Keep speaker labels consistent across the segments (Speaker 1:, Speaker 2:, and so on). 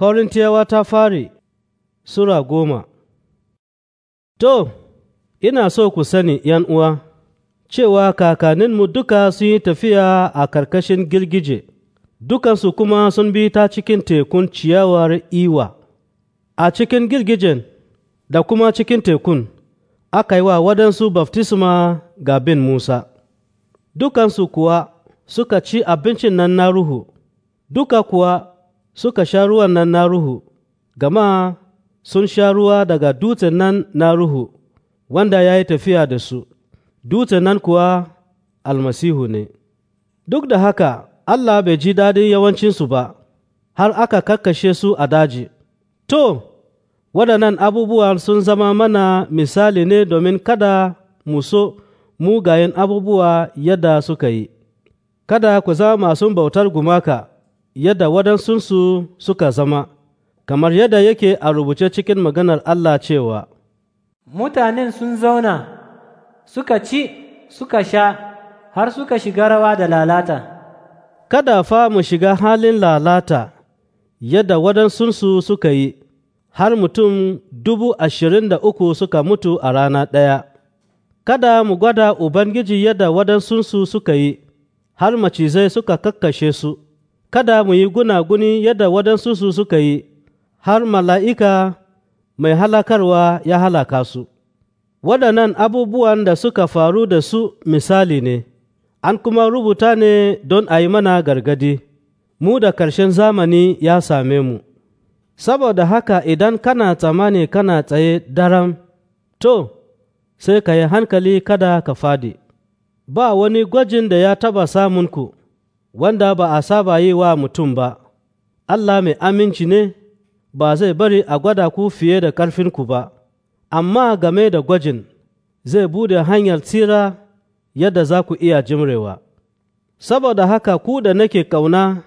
Speaker 1: Korintiyawa ta fari Sura goma To, ina so ku sani uwa cewa kakaninmu duka sun yi tafiya a ƙarƙashin girgije, dukansu kuma sun bi ta cikin tekun ciyawar iwa. A cikin girgijen da kuma cikin tekun, aka yi wa waɗansu baftisma ga bin Musa, dukansu kuwa suka ci abincin nan na ruhu, duka kuwa suka sha ruwan nan na ruhu, gama sun sha ruwa daga dutsen nan na ruhu, wanda ya yi tafiya da su, dutsen nan kuwa almasihu ne. Duk da haka, Allah bai ji daɗin yawancinsu ba, har aka kakkashe su a daji. To, waɗannan abubuwa sun zama mana misali ne domin kada mu so mugayen abubuwa yadda suka yi, kada ku za masu bautar gumaka. yadda waɗansunsu suka zama, kamar yadda yake a rubuce cikin maganar Allah cewa, Mutanen sun zauna, suka ci, suka sha, har suka shiga rawa da lalata. Kada fa mu shiga halin lalata, yadda waɗansunsu suka yi, har mutum dubu ashirin da uku suka mutu a rana ɗaya. Kada mu gwada Ubangiji yadda waɗansunsu suka yi, har macizai suka kakkashe su. kada mu yi gunaguni yadda waɗansu su suka yi, har mala'ika mai halakarwa ya halaka su. Waɗannan abubuwan da suka faru da su misali ne, an kuma rubuta ne don a yi mana gargadi, mu da ƙarshen zamani ya same mu. Saboda haka idan kana tsamani kana tsaye daram, to, sai ka yi hankali kada ka fadi, ba wani gwajin da ya taba samunku. ku. wanda ba a saba yi wa mutum ba, Allah mai aminci ne ba zai bari a gwada ku fiye da ƙarfinku ba, amma game da gwajin zai bude hanyar tsira yadda za ku iya jimrewa. Saboda haka ku da nake ƙauna,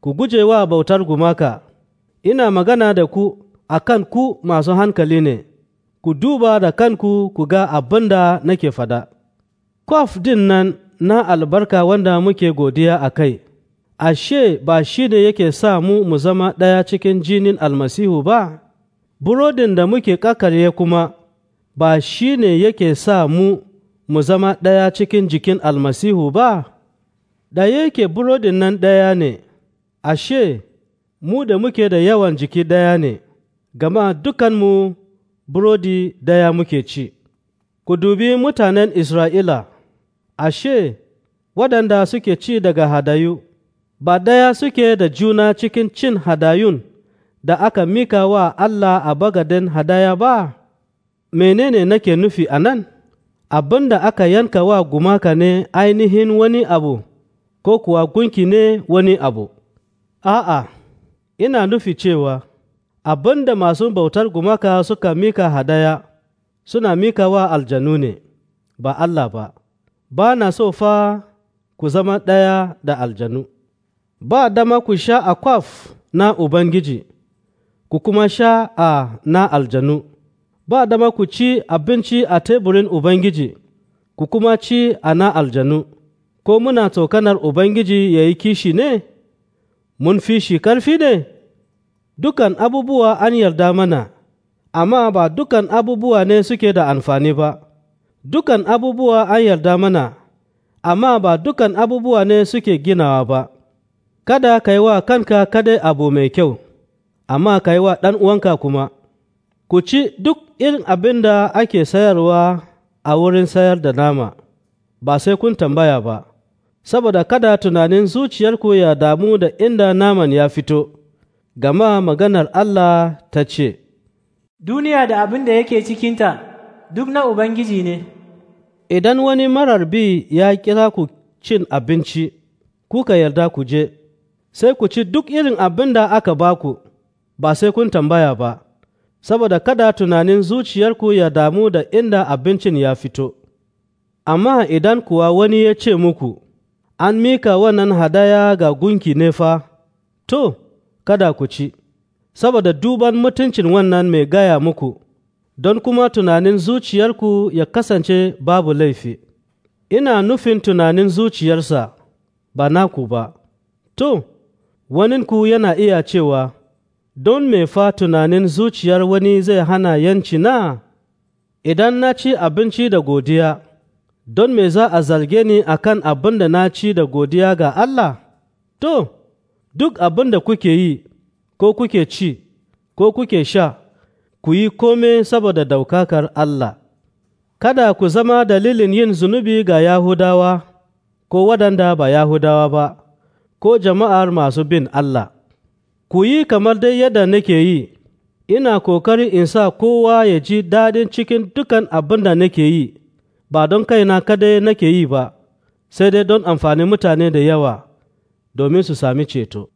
Speaker 1: ku guje wa bautar gumaka, ina magana da ku a kan ku masu hankali ne, ku duba da kanku ku ga abin da nake fada. Kwaf din nan na albarka wanda muke godiya a kai, ashe ba shi ne yake sa mu mu zama ɗaya cikin jinin almasihu ba, burodin da muke ƙakarye kuma ba shi ne yake sa mu mu zama ɗaya cikin jikin almasihu ba, da yake burodin nan ɗaya ne, ashe mu da muke da yawan jiki ɗaya ne, gama dukanmu burodi ɗaya muke ci. Ku dubi mutanen Isra'ila. ashe, waɗanda suke ci daga hadayu, ba ɗaya suke da juna cikin cin hadayun da aka mika wa Allah a bagaden hadaya ba, menene nake nufi a nan? Abin da aka yanka wa gumaka ne ainihin wani abu, ko kuwa gunki ne wani abu. A'a, ina nufi cewa, abin da masu bautar gumaka suka mika hadaya, suna mika wa aljanu ne, ba Allah ba. ba na so fa ku zama ɗaya da aljanu, ba dama ku sha a kwaf na Ubangiji, ku kuma sha a na aljanu, ba dama ku ci abinci a teburin Ubangiji, ku kuma ci a na aljanu, ko muna tsokanar Ubangiji ya yi kishi ne, mun fi shi karfi ne, dukan abubuwa an yarda mana, amma ba dukan abubuwa ne suke da amfani ba. dukan abubuwa an yarda mana, amma ba dukan abubuwa ne suke ginawa ba, kada ka yi wa kanka kadai abu mai kyau, amma ka yi wa ɗan uwanka kuma, ku ci duk irin abin da ake sayarwa a wurin sayar da nama, ba sai kun tambaya ba, saboda kada tunanin zuciyarku ya damu da inda naman ya fito, gama maganar Allah ta ce, Duniya da abin da yake cikinta duk na Ubangiji ne. Idan wani marar bi ya kira ku cin abinci, kuka yarda ku je, sai ku ci duk irin abin da aka ba ku, ba sai kun tambaya ba, saboda kada tunanin zuciyarku ya damu da inda abincin ya fito. Amma idan kuwa wani ya ce muku, An mika wannan hadaya ga gunki ne fa, to, kada ku ci, saboda duban mutuncin wannan mai gaya muku. don kuma tunanin zuciyarku ya kasance babu laifi, ina nufin tunanin zuciyarsa ba naku ba. To, waninku yana iya cewa, Don me fa tunanin zuciyar wani zai hana yanci na? Idan na ci abinci da godiya, don me za a zarge ni a kan abin da na ci da godiya ga Allah? To, duk abin da kuke yi, ko kuke ci, ko kuke sha, ku yi kome saboda daukakar Allah, kada ku zama dalilin yin zunubi ga Yahudawa ko waɗanda ba Yahudawa ba, ko jama'ar masu bin Allah. Ku yi kamar dai yadda nake yi, ina kokari in sa kowa ya ji daɗin cikin dukan abin da nake yi, ba don kai na kadai nake yi ba, sai dai don amfani mutane da yawa domin su sami ceto.